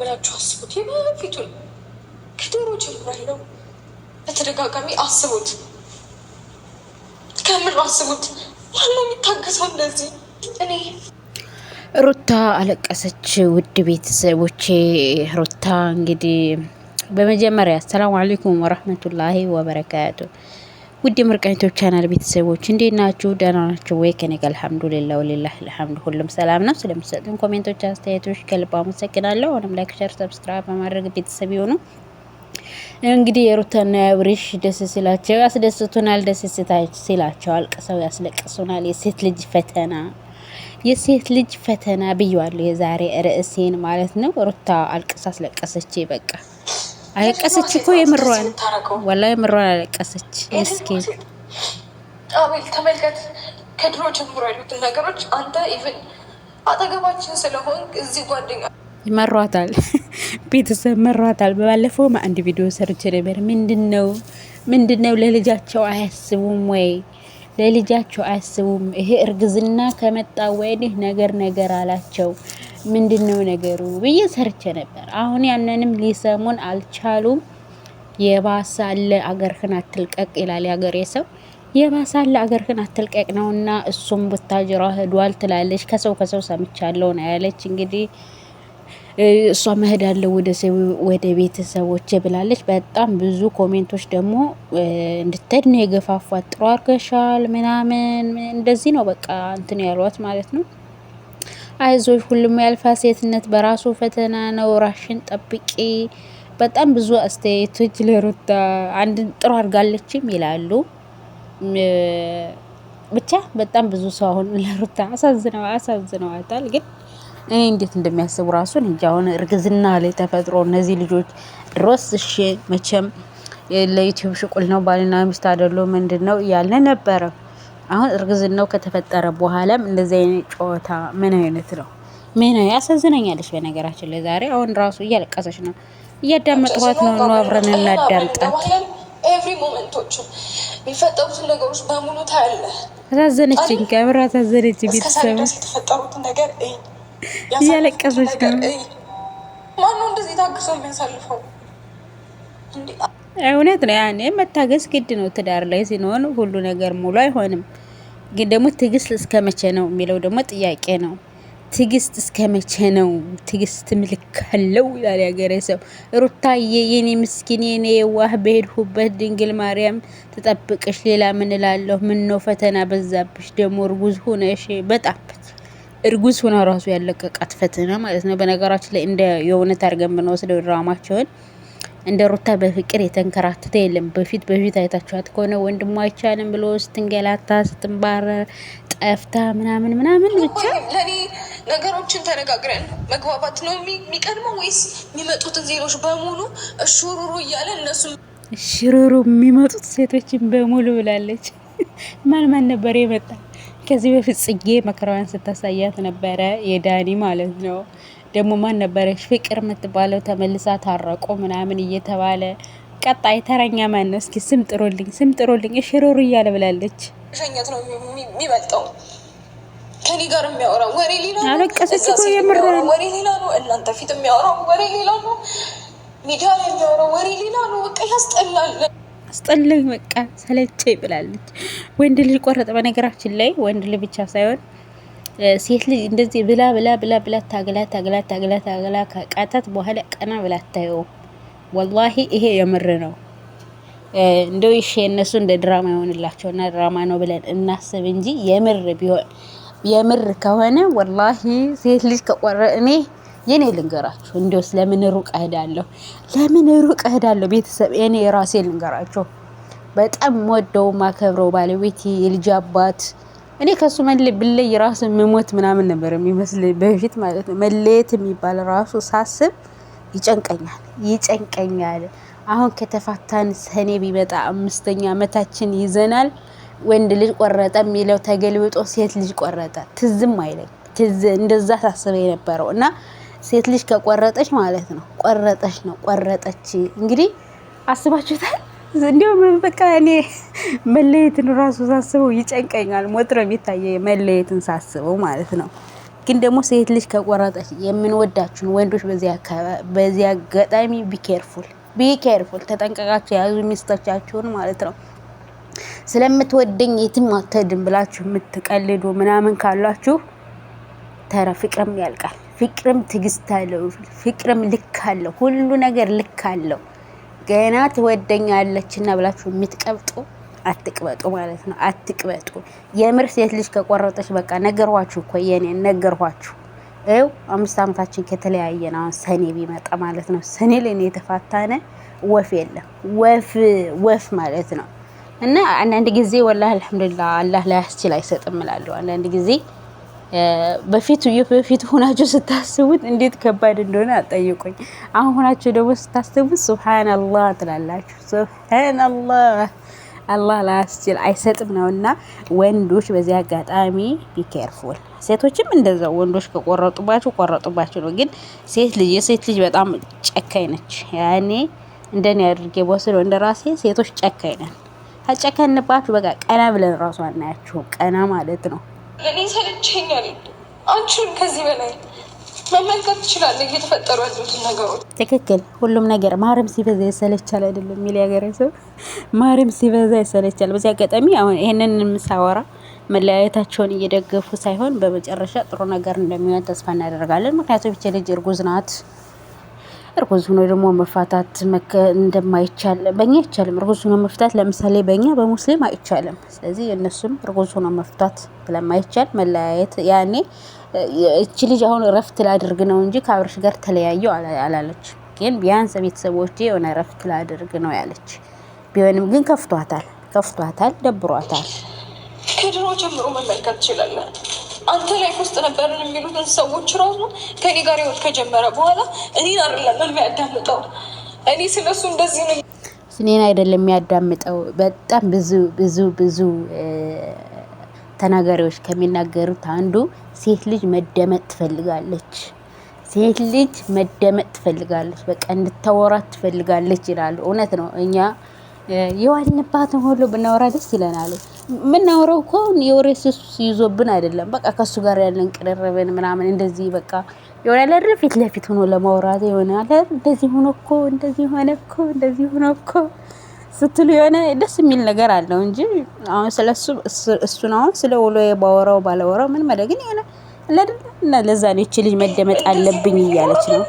ብላችሁ አስቡት። የበፊቱን ከዶሮ ጀምራል ነው በተደጋጋሚ አስቡት። ከምር አስቡት። ማነው የሚታገሰው እንደዚህ? እኔ ሩታ አለቀሰች። ውድ ቤተሰቦቼ ሩታ እንግዲህ በመጀመሪያ አሰላሙ አለይኩም ወረህመቱላሂ ወበረካቱ ውድ የምርቃኝቶች ቻናል ቤተሰቦች እንዴት ናችሁ? ደህና ናቸው ወይ? ከኔ ጋር አልሐምዱሊላህ ወሊላህ አልሐምዱ ሁሉም ሰላም ነው። ስለምትሰጡን ኮሜንቶች፣ አስተያየቶች ከልብ አመሰግናለሁ። አሁንም ላይክ፣ ሸር፣ ሰብስክራይብ በማድረግ ቤተሰብ የሆኑ እንግዲህ የሩታና የአብርሽ ደስ ሲላቸው ያስደስቱናል፣ ደስ ሲላቸው አልቅሰው ያስለቅሱናል። የሴት ልጅ ፈተና የሴት ልጅ ፈተና ብያዋለሁ። የዛሬ ርዕሴን ማለት ነው። ሩታ አልቅሳ አስለቀሰች። በቃ አለቀሰች እኮ የምሯን፣ ወላሂ የምሯን አለቀሰች። እስኪ አቤል ተመልከት፣ ከድሮ ጀምሮ ያሉትን ነገሮች አንተ ኢቨን አጠገባችን ስለሆን እዚህ ጓደኛ መሯታል ቤተሰብ መሯታል። በባለፈው አንድ ቪዲዮ ሰርቼ ነበር። ምንድን ነው ምንድን ነው ለልጃቸው አያስቡም ወይ? ለልጃቸው አያስቡም። ይሄ እርግዝና ከመጣ ወዲህ ነገር ነገር አላቸው። ምንድን ነው ነገሩ ብዬ ሰርቼ ነበር። አሁን ያንንም ሊሰሙን አልቻሉም። የባሳለ አገርህን አትልቀቅ ይላል የአገሬ ሰው። የባሳለ አገርህን አትልቀቅ ነውና እሱም ቡታጅራ ሄዷል ትላለች። ከሰው ከሰው ሰምቻለሁ ነው ያለች እንግዲህ እሷ መሄድ አለው ወደ ቤተሰቦች ብላለች። በጣም ብዙ ኮሜንቶች ደግሞ እንድትሄድ ነው የገፋፏት። ጥሩ አርገሻል ምናምን እንደዚህ ነው በቃ እንትን ያሏት ማለት ነው። አይዞች ሁሉም ያልፋ፣ ሴትነት በራሱ ፈተና ነው፣ ራሽን ጠብቂ። በጣም ብዙ አስተያየቶች ለሩታ አንድ ጥሩ አድርጋለችም ይላሉ። ብቻ በጣም ብዙ ሰው አሁን ለሩታ አሳዝነዋ አሳዝነዋታል ግን እኔ እንዴት እንደሚያስቡ ራሱን እንጃ። አሁን እርግዝና ላይ ተፈጥሮ እነዚህ ልጆች ድሮስ እሺ መቼም ለዩቲዩብ ሽቁል ነው ባልና ሚስት አደሎ ምንድን ነው እያለ ነበረ። አሁን እርግዝናው ከተፈጠረ በኋላም እንደዚህ አይነት ጨዋታ ምን አይነት ነው? ምን ያሳዝነኛለች። በነገራችን ላይ ዛሬ አሁን ራሱ እያለቀሰች ነው፣ እያዳመጥኋት ነው። ኑ አብረን እናዳምጣት። ኤቭሪ ሞመንቶቹ የሚፈጠሩትን ነገሮች በሙሉ ታያለ። አሳዘነችኝ፣ ከምር አሳዘነችኝ። ቤተሰብ የተፈጠሩትን ነገር እያለቀሰች ነው። ማነው እንደዚህ ታግሶ የሚያሳልፈው? እውነት ነው። ያኔ መታገስ ግድ ነው። ትዳር ላይ ሲሆን ሁሉ ነገር ሙሉ አይሆንም። ግን ደግሞ ትዕግስት እስከ መቼ ነው የሚለው ደግሞ ጥያቄ ነው። ትዕግስት እስከ መቼ ነው? ትግስት ምልክ አለው ይላል ያገሬ ሰው። ሩታዬ የኔ ምስኪን የኔ የዋህ በሄድሁበት ድንግል ማርያም ትጠብቅሽ። ሌላ ምን እላለሁ? ምን ነው ፈተና በዛብሽ ደግሞ እርጉዝ ሆነሽ በጣም እርጉዝ ሆና ራሱ ያለቀቃት ፈተና ማለት ነው። በነገራችን ላይ እንደ የእውነት አድርገን ብንወስደው ድራማቸውን እንደ ሩታ በፍቅር የተንከራተተ የለም። በፊት በፊት አይታችኋት ከሆነ ወንድሟ አይቻልም ብሎ ስትንገላታ፣ ስትንባረር፣ ጠፍታ ምናምን ምናምን ብቻ ለእኔ ነገሮችን ተነጋግረን መግባባት ነው የሚቀድመው ወይስ የሚመጡትን ዜሎች በሙሉ እሹሩሩ እያለ እነሱ ሽሩሩ የሚመጡት ሴቶችን በሙሉ ብላለች። ማን ማን ነበር የመጣ ከዚህ በፊት ጽጌ መከራዋን ስታሳያት ነበረ፣ የዳኒ ማለት ነው። ደግሞ ማን ነበረች ፍቅር የምትባለው ተመልሳ ታረቆ ምናምን እየተባለ ቀጣይ ተረኛ ማን ነው? እስኪ ስም ጥሩልኝ፣ ስም ጥሩልኝ። እሽሮሩ እያለ ብላለች። ሸኛት ነው የሚበልጠው ከኔ ጋር የሚያወራው ወሬ ሌላ ነው። አለቀሰች እኮ የምር ወሬ ሌላ ነው። እናንተ ፊት የሚያወራው ወሬ ሌላ ነው። ሚዲያ ላይ የሚያወራው ወሬ ሌላ ነው። በቃ ያስጠላል። አስጠላኝ፣ በቃ ሰለቸኝ ብላለች። ወንድ ልጅ ቆረጠ። በነገራችን ላይ ወንድ ልጅ ብቻ ሳይሆን ሴት ልጅ እንደዚህ ብላ ብላ ብላ ብላ ታግላ ታግላ ታግላ ታግላ ከቃታት በኋላ ቀና ብላ አታየውም። ወላሂ ይሄ የምር ነው። እንደው ይሽ እነሱ እንደ ድራማ ይሆንላቸው እና ድራማ ነው ብለን እናስብ እንጂ የምር ቢሆን የምር ከሆነ ወላሂ ሴት ልጅ ከቆረ እኔ የኔ ልንገራችሁ እንዲያው ለምን ሩቅ እሄዳለሁ? ለምን ሩቅ እሄዳለሁ? ቤተሰብ እኔ የራሴ ልንገራቸው በጣም ወደው ማከብረው ባለቤቴ፣ የልጅ አባት እኔ ከሱ መለ ብለይ ራሱ መሞት ምናምን ነበር የሚመስል በፊት ማለት ነው። መለየት የሚባል ራሱ ሳስብ ይጨንቀኛል ይጨንቀኛል። አሁን ከተፋታን ሰኔ ቢመጣ አምስተኛ አመታችን ይዘናል። ወንድ ልጅ ቆረጠ የሚለው ተገልብጦ ሴት ልጅ ቆረጠ ትዝም አይለኝ እንደዛ ሳስበ የነበረው እና ሴት ልጅ ከቆረጠች ማለት ነው ቆረጠች ነው ቆረጠች። እንግዲህ አስባችሁታል። እንዲሁም በቃ እኔ መለየትን ራሱ ሳስበው ይጨንቀኛል። ሞት ነው የሚታየ መለየትን ሳስበው ማለት ነው። ግን ደግሞ ሴት ልጅ ከቆረጠች የምንወዳችሁን ወንዶች በዚህ አጋጣሚ ቢኬርፉል ቢኬርፉል ተጠንቀቃችሁ የያዙ ሚስቶቻችሁን ማለት ነው። ስለምትወደኝ የትም አትሄድም ብላችሁ የምትቀልዱ ምናምን ካሏችሁ ተረ ያልቃል። ፍቅርም ትግስት አለው። ፍቅርም ልክ አለው። ሁሉ ነገር ልክ አለው። ገና ትወደኛለች እና ብላችሁ የምትቀብጡ አትቅበጡ ማለት ነው። አትቅበጡ። የምር ሴት ልጅ ከቆረጠች በቃ ነገርኋችሁ እኮ የኔ ነገርኋችሁ። ይኸው አምስት ዓመታችን ከተለያየን አሁን ሰኔ ቢመጣ ማለት ነው። ሰኔ ላይ ነው የተፋታነ። ወፍ የለም ወፍ ወፍ ማለት ነው። እና አንዳንድ ጊዜ ወላሂ አልሐምዱሊላህ አላህ ላያስችል አይሰጥም እላለሁ አንዳንድ ጊዜ በፊት በፊት ሆናችሁ ስታስቡት እንዴት ከባድ እንደሆነ አጠይቁኝ። አሁን ሆናችሁ ደግሞ ስታስቡት ሱብሃነላህ ትላላችሁ። ሱብሃነላህ አላህ ላስችል አይሰጥም እና ወንዶች በዚህ አጋጣሚ ቢኬርፉል። ሴቶችም እንደዛ ወንዶች ከቆረጡባችሁ ቆረጡባችሁ ነው። ግን ሴት ልጅ የሴት ልጅ በጣም ጨካኝ ነች። ያኔ እንደኔ አድርጌ በወስደው እንደ ራሴ ሴቶች ጨካኝ ነን። ከጨከንባችሁ በቃ ቀና ብለን ራሱ አናያችሁም። ቀና ማለት ነው እኔ ሰለቸኛል። አንቺም ከዚህ በላይ መመልከት ትችላለህ እየተፈጠሩ ያሉትን ነገሮች። ትክክል። ሁሉም ነገር ማረም ሲበዛ ይሰለቻል አይደለም የሚል ያገሬ ሰው ማረም ሲበዛ ይሰለቻል። በዚህ አጋጣሚ አሁን ይህንን የምሳወራ መለያየታቸውን እየደገፉ ሳይሆን በመጨረሻ ጥሩ ነገር እንደሚሆን ተስፋ እናደርጋለን። ምክንያቱም ይች ልጅ እርጉዝ ናት። እርጉዝ ሆኖ ደግሞ መፋታት እንደማይቻል በእኛ አይቻልም። እርጉዝ ሆኖ መፍታት ለምሳሌ በእኛ በሙስሊም አይቻልም። ስለዚህ እነሱም እርጉዝ ሆኖ መፍታት ስለማይቻል መለያየት ያኔ እቺ ልጅ አሁን እረፍት ላድርግ ነው እንጂ ከአብርሽ ጋር ተለያየው አላለች። ግን ቢያንስ ቤተሰቦች የሆነ እረፍት ላድርግ ነው ያለች ቢሆንም ግን ከፍቷታል፣ ከፍቷታል፣ ደብሯታል። ከድሮ ጀምሮ መመልከት ትችላለን አንተ ላይፍ ውስጥ ነበርን የሚሉትን ሰዎች ራሱ ከኔ ጋር ህይወት ከጀመረ በኋላ እኔን አይደለም የሚያዳምጠው። እኔ ስለሱ እንደዚህ ነው፣ እኔን አይደለም የሚያዳምጠው። በጣም ብዙ ብዙ ብዙ ተናጋሪዎች ከሚናገሩት አንዱ ሴት ልጅ መደመጥ ትፈልጋለች፣ ሴት ልጅ መደመጥ ትፈልጋለች፣ በቃ እንድታወራት ትፈልጋለች ይላሉ። እውነት ነው። እኛ የዋልንባትን ሁሉ ብናወራ ደስ ይለናል። የምናወራው እኮ የወሬ ስስ ይዞብን አይደለም። በቃ ከሱ ጋር ያለን ቅርርብን ምናምን እንደዚህ በቃ የሆነ ለር ፊት ለፊት ሆኖ ለማውራት የሆነ እንደዚህ ሆኖ እኮ እንደዚህ ሆነ እኮ እንደዚህ ሆኖ እኮ ስትሉ የሆነ ደስ የሚል ነገር አለው እንጂ አሁን ስለ እሱን አሁን ስለ ውሎ ባወራው ባለወራው ምን መለ ግን የሆነ ለድና ለዛ ነው ይቺ ልጅ መደመጥ አለብኝ እያለች ነው።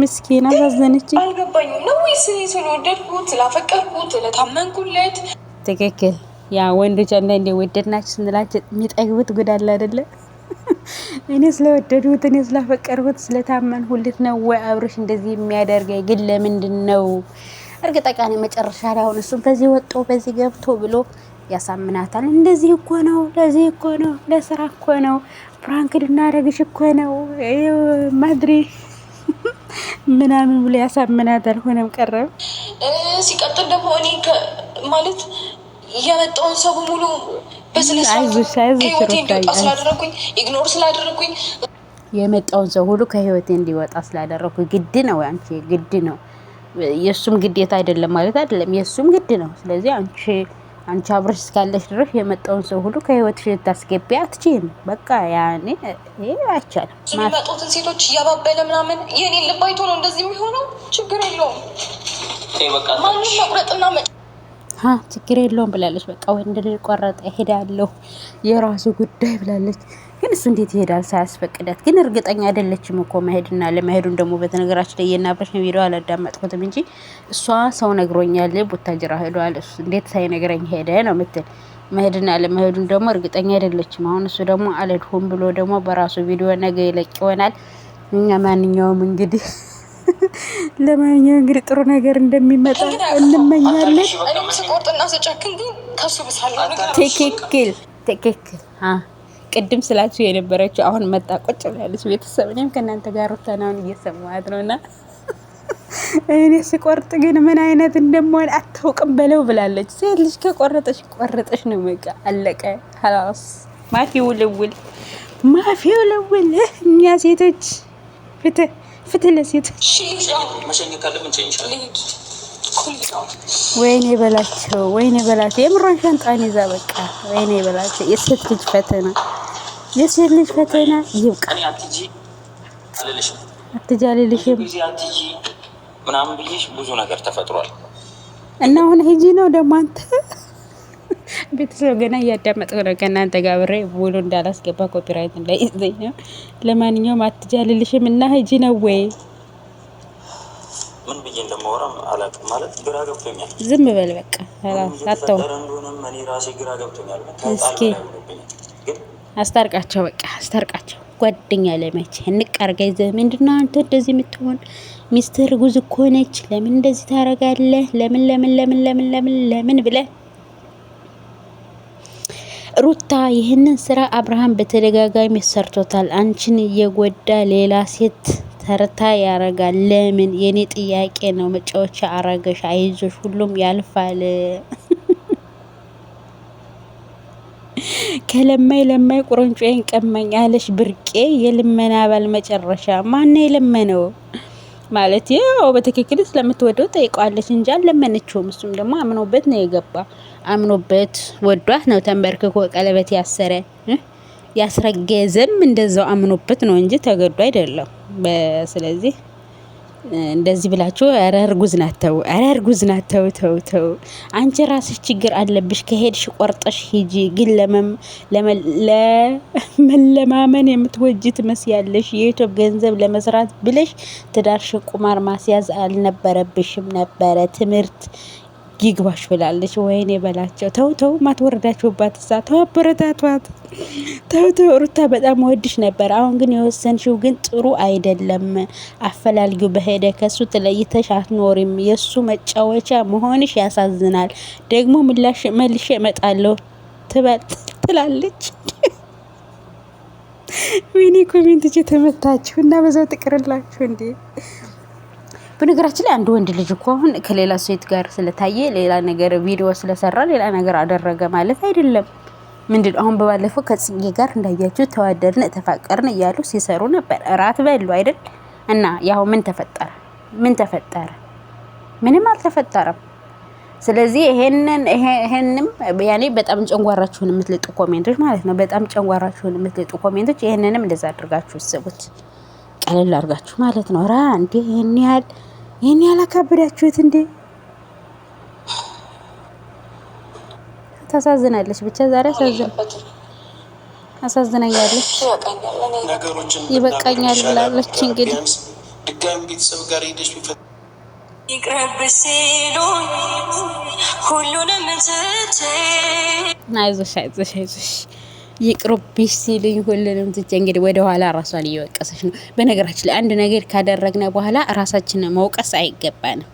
ምስኪና አሳዘነች። አልገባኝም ነው ወይስ ስለወደድኩት፣ ላፈቀርኩት፣ ለታመንኩለት ትክክል። ያ ወንዶች አንዳንዴ ወደድናችሁ ስንላቸው የሚጠግቡት ጉዳል አይደለ? እኔ ስለወደዱት እኔ ስላፈቀርኩት ሁልት ነው ወይ አብሮሽ እንደዚህ የሚያደርገኝ? ግን ለምንድን ነው እርግጠቃኔ መጨረሻ ላይ አሁን እሱም በዚህ ወጦ በዚህ ገብቶ ብሎ ያሳምናታል። እንደዚህ እኮ ነው፣ ለዚህ እኮ ነው፣ ለስራ እኮ ነው፣ ፕራንክ ልናደርግሽ እኮ ነው ማድሪ ምናምን ብሎ ያሳምናታል። ሆነም ቀረብ። ሲቀጥል ደግሞ እኔ ማለት የመጣውን ሰው በሙሉ በስነስርዓት ኢግኖር ስላደረኩኝ የመጣውን ሰው ሁሉ ከህይወቴ እንዲወጣ ስላደረኩ ግድ ነው አንቺ ግድ ነው የእሱም ግዴታ አይደለም ማለት አይደለም፣ የእሱም ግድ ነው። ስለዚህ አንቺ አንቺ አብረሽ እስካለሽ ድረስ የመጣውን ሰው ሁሉ ከህይወትሽ ልታስገቢ አትችም። በቃ ያኔ ይሄ አይቻልም። የሚመጡትን ሴቶች እያባበለ ምናምን የኔን ልባይቶ ነው እንደዚህ የሚሆነው። ችግር የለውም ማንም መቁረጥና ችግር የለውም ብላለች። በቃ ወንድ ልጅ ቆረጠ ሄዳለሁ የራሱ ጉዳይ ብላለች። ግን እሱ እንዴት ይሄዳል ሳያስፈቅዳት? ግን እርግጠኛ አይደለችም እኮ መሄድና ለመሄዱን ደግሞ በተነገራችን ላይ የናብረሽ ነው ቪዲዮ አላዳመጥኩትም እንጂ እሷ ሰው ነግሮኛል ቡታጅራ ሄዷል እንዴት ሳይነግረኝ ሄደ ነው ምትል መሄድና ለመሄዱን ደግሞ እርግጠኛ አይደለችም። አሁን እሱ ደግሞ አልሄድኩም ብሎ ደግሞ በራሱ ቪዲዮ ነገ ይለቅ ይሆናል። እኛ ማንኛውም እንግዲህ ለማንኛውም እንግዲህ ጥሩ ነገር እንደሚመጣ እንመኛለን። ትክክል ትክክል። ቅድም ስላችሁ የነበረችው አሁን መጣ ቁጭ ብላለች። ቤተሰብ እኔም ከእናንተ ጋር ሩታናውን እየሰማት ነው እና እኔ ስቆርጥ ግን ምን አይነት እንደምሆን አታውቅም በለው ብላለች። ሴት ልጅ ከቆረጠች ቆረጠች ነው በቃ አለቀ። ሀላስ ማፊ ውልውል ማፊ ውልውል እኛ ሴቶች ፍትህ ፍትህ ለሴት ወይኔ በላቸው፣ ወይኔ በላቸው። የምሯን ሻንጣን ይዛ በቃ ወይኔ በላቸው። የሴት ልጅ ፈተና፣ የሴት ልጅ ፈተና ይብቃ። አትጂ አልልሽም ምናምን ብዬሽ ብዙ ነገር ተፈጥሯል እና አሁን ሂጂ ነው ደግሞ አንተ ቤተሰብ ገና እያዳመጥኩ ነው። ከእናንተ ጋር ብሬ ውሉ እንዳላስገባ ኮፒራይት እንዳይዘኝ ነው። ለማንኛውም አትጃልልሽም እና ሂጂ ነው ወይ ምን ብዬ እንደማወራም አላውቅም። ማለት ግራ ገብቶኛል። ዝም በል በቃ አታው እኔ ራሴ ግራ ገብቶኛል። እስኪ አስታርቃቸው፣ በቃ አስታርቃቸው። ጓደኛ ለመቼ እንቀርገ ይዘህ ምንድን ነው አንተ እንደዚህ የምትሆን? ሚስትህ እርጉዝ እኮ ነች። ለምን እንደዚህ ታረጋለህ? ለምን ለምን ለምን ለምን ለምን ለምን ብለህ ሩታ ይህንን ስራ አብርሃም በተደጋጋሚ ሰርቶታል። አንቺን የጎዳ ሌላ ሴት ተርታ ያረጋል። ለምን የኔ ጥያቄ ነው። መጫወቻ አረገሽ። አይዞሽ፣ ሁሉም ያልፋል። ከለማይ ለማይ ቁርንጮዬን ቀማኝ አለሽ ብርቄ። የልመና ባል መጨረሻ ማነው የለመነው? ማለት ያው በትክክል ስለምትወደው ጠይቋለች እንጂ አልለመነችውም። እሱም ደግሞ አምኖበት ነው የገባ አምኖበት ወዷት ነው ተንበርክኮ ቀለበት ያሰረ ያስረገዘም እንደዛው አምኖበት ነው እንጂ ተገዶ አይደለም። ስለዚህ እንደዚህ ብላችሁ ኧረ እርጉዝ ናት ተው፣ ኧረ እርጉዝ ናት ተው፣ ተው፣ ተው። አንቺ ራስሽ ችግር አለብሽ። ከሄድሽ ቆርጠሽ ሂጂ። ግን ለመለማመን የምትወጅ ትመስያለሽ። የኢትዮጵ ገንዘብ ለመስራት ብለሽ ትዳርሽን ቁማር ማስያዝ አልነበረብሽም ነበረ ትምህርት ይግባሽ ብላለች። ወይኔ በላቸው። ተው ተው፣ ማትወርዳችሁባት እሳ ተው፣ አበረታቷት። ተው ተው፣ ሩታ በጣም ወድሽ ነበር። አሁን ግን የወሰንሽው ግን ጥሩ አይደለም። አፈላልጊው በሄደ ከሱ ተለይተሽ አትኖሪም። የእሱ መጫወቻ መሆንሽ ያሳዝናል። ደግሞ ምላሽ መልሼ እመጣለሁ ትላለች። ወይኔ ኮሜንት እየተመታችሁ እና በዛው ትቅርላችሁ እንዴ! በነገራችን ላይ አንድ ወንድ ልጅ እኮ አሁን ከሌላ ሴት ጋር ስለታየ ሌላ ነገር ቪዲዮ ስለሰራ ሌላ ነገር አደረገ ማለት አይደለም። ምንድን አሁን በባለፈው ከጽጌ ጋር እንዳያችሁ ተዋደድን ተፋቀርን እያሉ ሲሰሩ ነበር። እራት በሉ አይደል? እና ያው ምን ተፈጠረ? ምን ተፈጠረ? ምንም አልተፈጠረም። ስለዚህ ይሄንን ይሄንም ያኔ በጣም ጨንጓራችሁን የምትልጡ ኮሜንቶች ማለት ነው። በጣም ጨንጓራችሁን የምትልጡ ኮሜንቶች ይሄንንም እንደዛ አድርጋችሁ ስቡት። ቀለል አድርጋችሁ ማለት ነው። ራ እንዴ ይህን ያህል ይህን ያህል አካብዳችሁት እንዴ! ታሳዝናለች። ብቻ ዛሬ አሳዝን አሳዝናኛለች። ይበቃኛል ብላለች። እንግዲህ ድጋሚ ቤተሰብ ጋር ሄደች ቢፈት ይቅረብሽ ሲሉኝ ሁሉንም ትቼ አይዞሽ አይዞሽ አይዞሽ ይቅርብሽ ሲልኝ ሁሉንም ትቼ እንግዲህ ወደኋላ ራሷን እየወቀሰች ነው። በነገራችን ላይ አንድ ነገር ካደረግነ በኋላ ራሳችንን መውቀስ አይገባንም።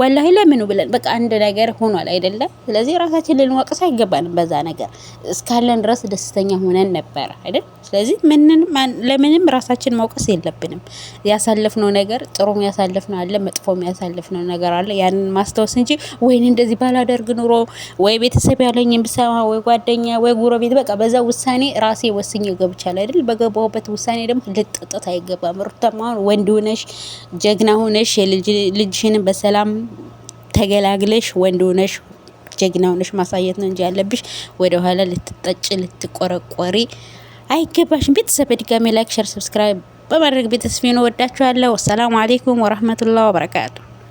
ወላሂ ለምኑ ብለን በቃ አንድ ነገር ሆኗል አይደለም። ስለዚህ ራሳችን ልንወቅስ አይገባንም። በዛ ነገር እስካለን ድረስ ደስተኛ ሆነን ነበረ አይደል? ስለዚህ ለምንም ራሳችን መውቀስ የለብንም። ያሳለፍነው ነገር ጥሩም ያሳለፍነው አለ፣ መጥፎም ያሳለፍነው ነገር አለ። ያንን ማስታወስ እንጂ ወይኔ እንደዚህ ባላደርግ ኑሮ ወይ ቤተሰብ ያለኝ ብሰማ ወይ ጓደኛ ወይ ጎረቤት በቃ በዛ ውሳኔ ራሴ ወስኜ ገብቻለሁ አይደል? በገባሁበት ውሳኔ ደግሞ ልጠጠት አይገባም። ሩታም አሁን ወንድ ሆነሽ ጀግና ሆነሽ ልጅሽንም በሰላም ተገላግለሽ ወንድ ሆነሽ ጀግና ሆነሽ ማሳየት ነው እንጂ ያለብሽ ወደ ኋላ ልትጠጭ ልትቆረቆሪ አይገባሽም። ቤተሰብ በድጋሚ ላይክ፣ ሸር፣ ሰብስክራይብ በማድረግ ቤተሰብ ነው። ወዳችኋለሁ። ሰላም አሌይኩም ወረህመቱላህ ወበረካቱ